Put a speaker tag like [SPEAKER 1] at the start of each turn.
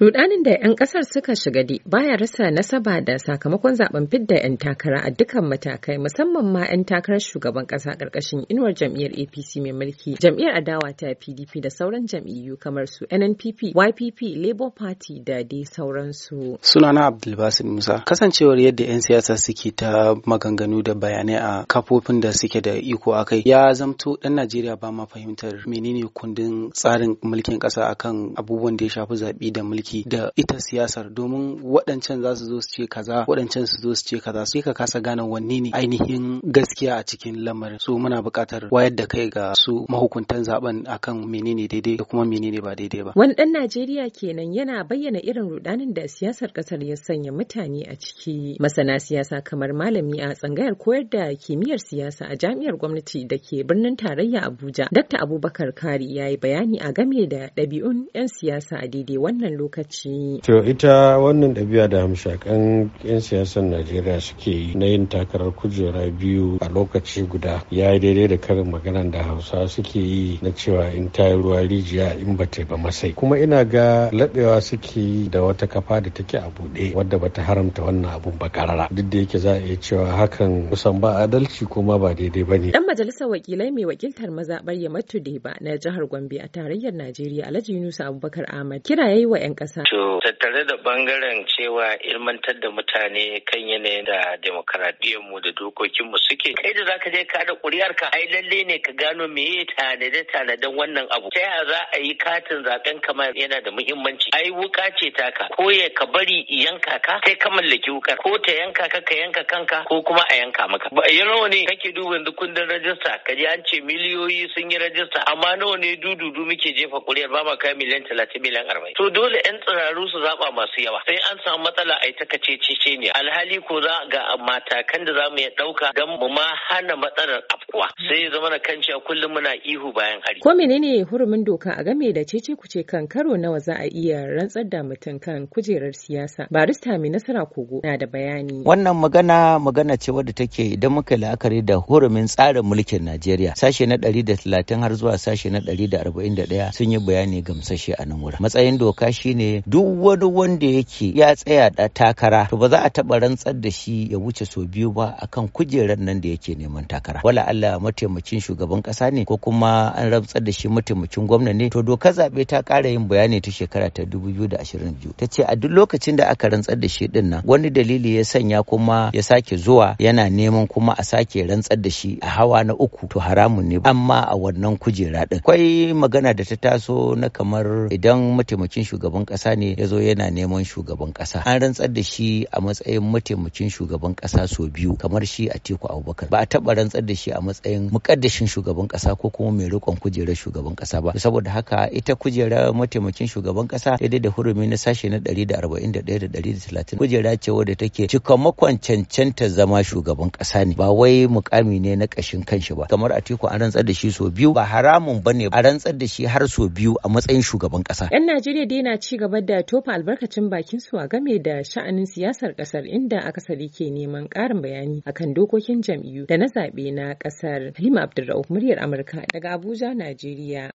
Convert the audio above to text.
[SPEAKER 1] Rudanin da 'yan kasar suka shiga di baya rasa nasaba da sakamakon zaben fidda 'yan takara a dukkan matakai musamman ma 'yan takarar shugaban kasa karkashin inuwar jam'iyyar APC mai mulki, jam'iyyar adawa ta PDP da sauran jam'iyyu kamar su NNPP, YPP, Labour Party da dai sauransu.
[SPEAKER 2] Sunana Abdulbasim Musa. Kasancewar yadda 'yan siyasa suke ta maganganu da bayanai a kafofin da suke da iko a kai, ya zamto dan Najeriya ba ma fahimtar menene kundin tsarin mulkin kasa akan abubuwan da ya shafi zaɓe da mulki aiki da ita siyasar domin waɗancan za su zo su ce kaza waɗancan su zo su ce kaza sai ka kasa gane wanne ne ainihin gaskiya a cikin lamarin su muna buƙatar wayar da kai ga su mahukuntan zaben akan menene daidai da kuma menene ba daidai ba
[SPEAKER 1] wani ɗan Najeriya kenan yana bayyana irin rudanin da siyasar ƙasar ya sanya mutane a ciki masana siyasa kamar malami a tsangayar koyar da kimiyyar siyasa a jami'ar gwamnati da ke birnin tarayya Abuja Dr Abubakar Kari ya yi bayani a game da ɗabi'un 'yan siyasa a daidai wannan lokaci lokaci.
[SPEAKER 3] To ita wannan ɗabi'a da hamshakan 'yan siyasar Najeriya suke yi na yin takarar kujera biyu a lokaci guda ya yi daidai da karin magana da Hausa suke yi na cewa in ta yi ruwa rijiya in ba ta ba masai. Kuma ina ga laɓewa suke yi da wata kafa da take a buɗe wadda ba ta haramta wannan abun ba karara. Duk da yake za a iya cewa hakan kusan ba adalci kuma ba daidai ba ne. Ɗan
[SPEAKER 1] majalisar wakilai mai wakiltar mazaɓar Yamatu Deba na jihar Gombe a tarayyar Najeriya Alhaji Yunusa Abubakar Ahmad kira ya yi wa 'yan ƙasa. To
[SPEAKER 3] tattare da bangaren cewa ilmantar da mutane kan yanayin da mu da dokokinmu suke. Kai da zaka je ka da ka? ai lalle ne ka gano me ya tanade tanaden wannan abu. Ta yaya za a yi katin zaben kamar yana da muhimmanci. Ai wuka ce ta ka. ko ya ka bari yanka ka sai ka mallaki wukar ko ta yanka ka ka yanka kanka ko kuma a yanka maka. Ba nawa ne kake duba yanzu kundin rajista ka ji an ce miliyoyi sun yi rajista amma nawa ne dududu muke jefa ƙuri'ar ba ma kai miliyan talatin miliyan arba'in. To dole 'yan 'yan tsiraru su zaɓa masu yawa sai an samu matsala a ta kace cece ne alhali ko za ga matakan da zamu ya dauka ɗauka don mu ma hana matsalar afkuwa sai ya zama na kan cewa kullum muna ihu
[SPEAKER 4] bayan
[SPEAKER 1] hari. ko menene hurumin doka a game da cece kuce kan karo nawa za a iya rantsar da mutum kan kujerar siyasa barista mai nasara kogo na da bayani.
[SPEAKER 4] wannan magana magana ce wadda take idan muka yi la'akari da hurumin tsarin mulkin najeriya sashe na ɗari da talatin har zuwa sashe na ɗari da arba'in da ɗaya sun yi bayani gamsashe a nan wurin matsayin doka shine duk wani wanda yake ya tsaya da takara to ba za a taba rantsar da shi ya wuce sau biyu ba akan kujerar nan da yake neman takara wala Allah mataimakin shugaban kasa ne ko kuma an rantsar da shi mataimakin gwamna ne to doka zaɓe ta kara yin bayani ta shekara ta 2022 ta ce a duk lokacin da aka rantsar da shi din nan wani dalili ya sanya kuma ya sake zuwa yana neman kuma a sake rantsar da shi a hawa na uku to haramun ne amma a wannan kujera din akwai magana da ta taso na kamar idan mataimakin shugaban ƙasa ne ya zo yana neman shugaban ƙasa an rantsar da shi a matsayin mataimakin shugaban ƙasa sau biyu kamar shi a teku abubakar ba a taba rantsar da shi a matsayin muƙaddashin shugaban ƙasa ko kuma mai riƙon kujerar shugaban ƙasa ba saboda haka ita kujerar mataimakin shugaban ƙasa daidai da hurumi na sashe na 141 da 130 kujera ce wadda take cikamakon cancanta zama shugaban ƙasa ne ba wai mukami ne na ƙashin kanshi ba kamar a teku an rantsar da shi sau biyu ba haramun bane a rantsar da shi har sau biyu a matsayin shugaban ƙasa
[SPEAKER 1] yan najeriya dai na ci gaba da tofa albarkacin bakin su a game da sha'anin siyasar kasar inda akasari ke neman ƙarin bayani akan dokokin jam'iyyu da na zaɓe na kasar. Halima Abdulrauf muryar Amurka daga Abuja, Najeriya.